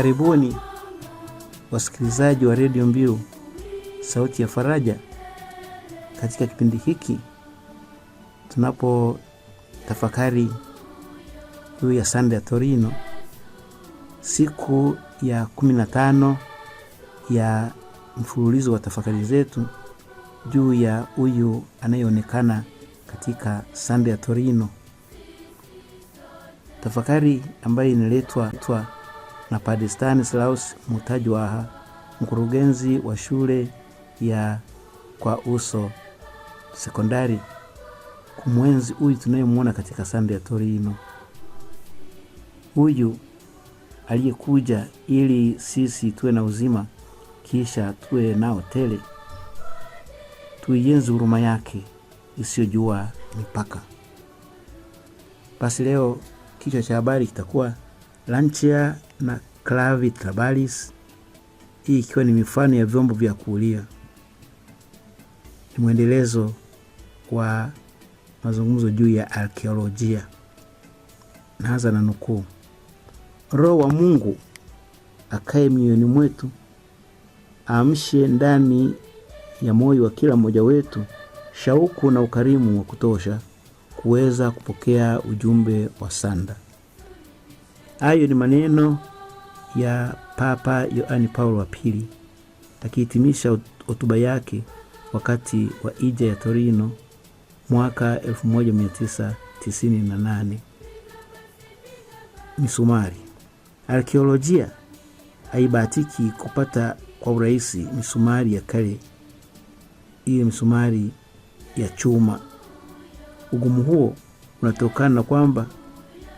Karibuni wasikilizaji wa redio Mbiu sauti ya Faraja katika kipindi hiki tunapo tafakari juu ya sanda ya Torino, siku ya kumi na tano ya mfululizo wa tafakari zetu juu ya huyu anayeonekana katika sanda ya Torino, tafakari ambayo inaletwa na Padre Stanislaus Mutajwaha, mkurugenzi wa shule ya Kwa Uso sekondari, kumwenzi huyu tunayemwona katika sanda ya Torino. Huyu aliyekuja ili sisi tuwe na uzima, kisha tuwe nao tele. Tuienzi huruma yake isiyojua mipaka. Basi leo kichwa cha habari kitakuwa Lancia na trabalis. hii ikiwa ni mifano ya vyombo vya kulia. Ni mwendelezo wa mazungumzo juu ya arkeolojia. Naanza na nukuu: Roho wa Mungu akae mioyoni mwetu, aamshe ndani ya moyo wa kila mmoja wetu shauku na ukarimu wa kutosha kuweza kupokea ujumbe wa sanda. Hayo ni maneno ya Papa yoani Paulo wa pili akihitimisha hotuba yake wakati wa ija ya Torino mwaka 1998. Misumari. Arkeolojia haibahatiki kupata kwa urahisi misumari ya kale, hiyo misumari ya chuma. Ugumu huo unatokana na kwamba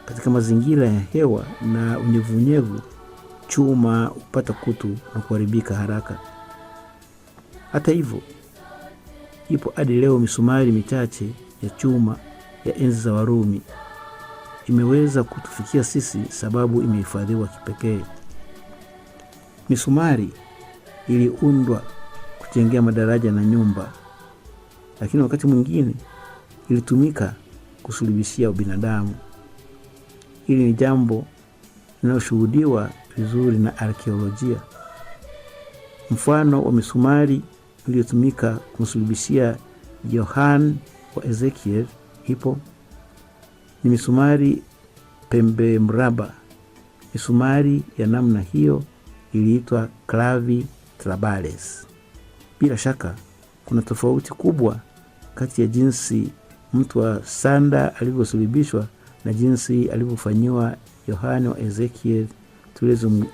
katika mazingira ya hewa na unyevunyevu chuma hupata kutu na kuharibika haraka. Hata hivyo, ipo hadi leo misumari michache ya chuma ya enzi za Warumi imeweza kutufikia sisi, sababu imehifadhiwa kipekee. Misumari iliundwa kujengea madaraja na nyumba, lakini wakati mwingine ilitumika kusulubishia binadamu. Hili ni jambo linaloshuhudiwa vizuri na arkeolojia. Mfano wa misumari iliyotumika kumsulubishia yohan wa Ezekiel ipo. Ni misumari pembe mraba. Misumari ya namna hiyo iliitwa clavi trabales. Bila shaka kuna tofauti kubwa kati ya jinsi mtu wa sanda alivyosulubishwa na jinsi alivyofanyiwa Yohane wa Ezekiel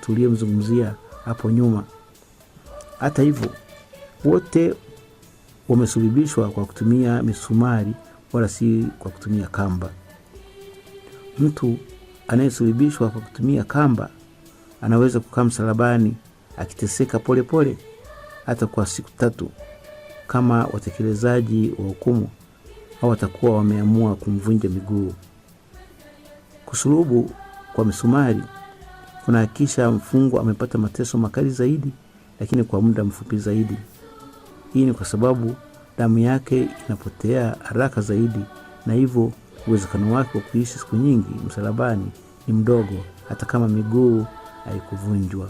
tuliyemzungumzia hapo nyuma. Hata hivyo, wote wamesulubishwa kwa kutumia misumari wala si kwa kutumia kamba. Mtu anayesulubishwa kwa kutumia kamba anaweza kukaa msalabani akiteseka polepole pole, hata kwa siku tatu, kama watekelezaji wa hukumu au watakuwa wameamua kumvunja miguu. Kusulubu kwa misumari kunahakikisha mfungwa amepata mateso makali zaidi, lakini kwa muda mfupi zaidi. Hii ni kwa sababu damu yake inapotea haraka zaidi, na hivyo uwezekano wake wa kuishi siku nyingi msalabani ni mdogo, hata kama miguu haikuvunjwa.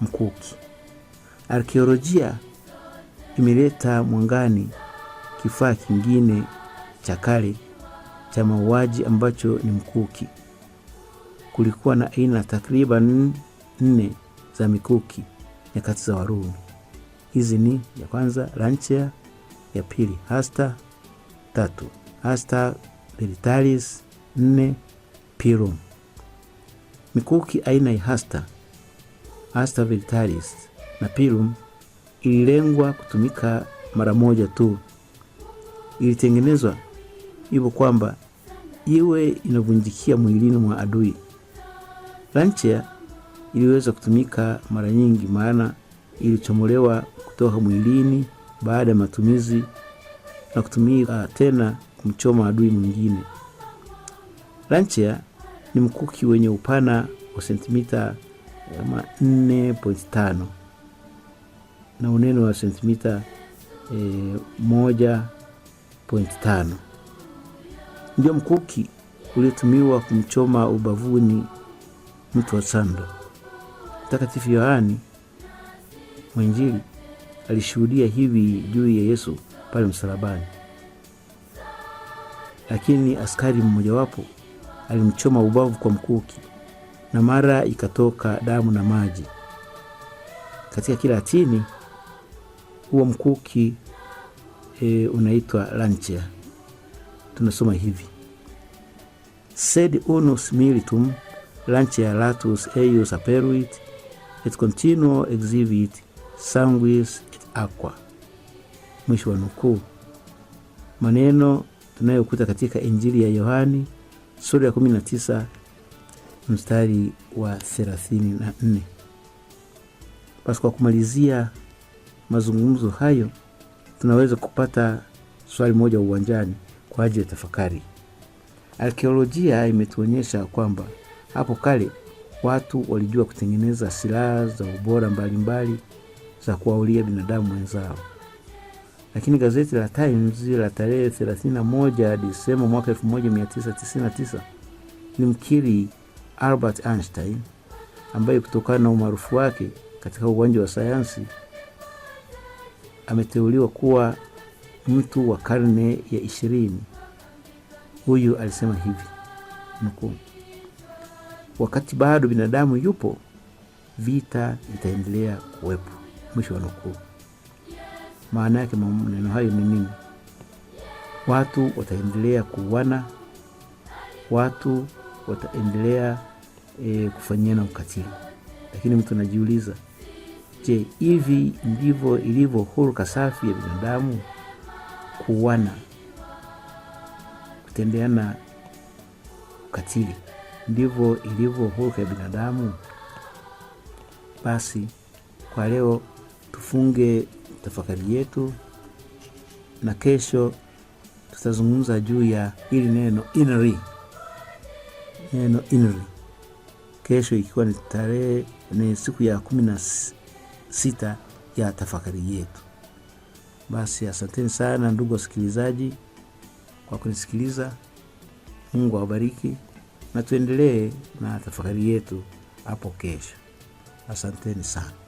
Mkuki. Arkeolojia imeleta mwangani kifaa kingine cha kale cha mauaji ambacho ni mkuki kulikuwa na aina takriban nne za mikuki nyakati za Warumi. Hizi ni ya kwanza lanchea, ya pili hasta, tatu hasta militaris, nne pirum. Mikuki aina ya hasta, hasta militaris na pirum ililengwa kutumika mara moja tu. Ilitengenezwa hivyo kwamba iwe inavunjikia mwilini mwa adui. Ranchia iliweza kutumika mara nyingi, maana ilichomolewa kutoka mwilini baada ya matumizi na kutumika tena kumchoma adui mwingine. Ranchia ni mkuki wenye upana wa sentimita 4.5 eh, na unene wa sentimita 1.5. Eh, Ndio mkuki uliotumiwa kumchoma ubavuni mtu wa Sando. Mtakatifu Yohani Mwinjili alishuhudia hivi juu ya Yesu pale msalabani, lakini askari mmojawapo alimchoma ubavu kwa mkuki na mara ikatoka damu na maji. Katika Kilatini huo mkuki e, unaitwa lancia. Tunasoma hivi sed unus militum latus eius aperuit, et continuo exhibit sanguis et aqua. Mwisho wa nukuu. Maneno tunayokuta katika Injili ya Yohani sura ya 19 mstari wa 34. Basi kwa kumalizia mazungumzo hayo, tunaweza kupata swali moja uwanjani kwa ajili ya tafakari. Arkeolojia imetuonyesha kwamba hapo kale watu walijua kutengeneza silaha za ubora mbalimbali za kuwaulia binadamu wenzao, lakini gazeti la Times la tarehe 31 Disemba mwaka 1999 limkiri Albert Einstein ambaye kutokana na umaarufu wake katika uwanja wa sayansi ameteuliwa kuwa mtu wa karne ya ishirini. Huyu alisema hivi nukuu: wakati bado binadamu yupo, vita vitaendelea kuwepo. Mwisho wa nukuu. Maana yake maneno hayo ni nini? Watu wataendelea kuuana, watu wataendelea e, kufanyiana ukatili. Lakini mtu anajiuliza, je, hivi ndivyo ilivyo huruka safi ya binadamu? Kuuana, kutendeana ukatili ndivyo ilivyo huruka ya binadamu. Basi kwa leo tufunge tafakari yetu, na kesho tutazungumza juu ya ili neno inri, neno inri. Kesho ikiwa ni tarehe ni siku ya kumi na sita ya tafakari yetu. Basi asanteni sana ndugu wasikilizaji kwa kunisikiliza. Mungu awabariki na tuendelee na tafakari yetu hapo kesho. Asanteni sana.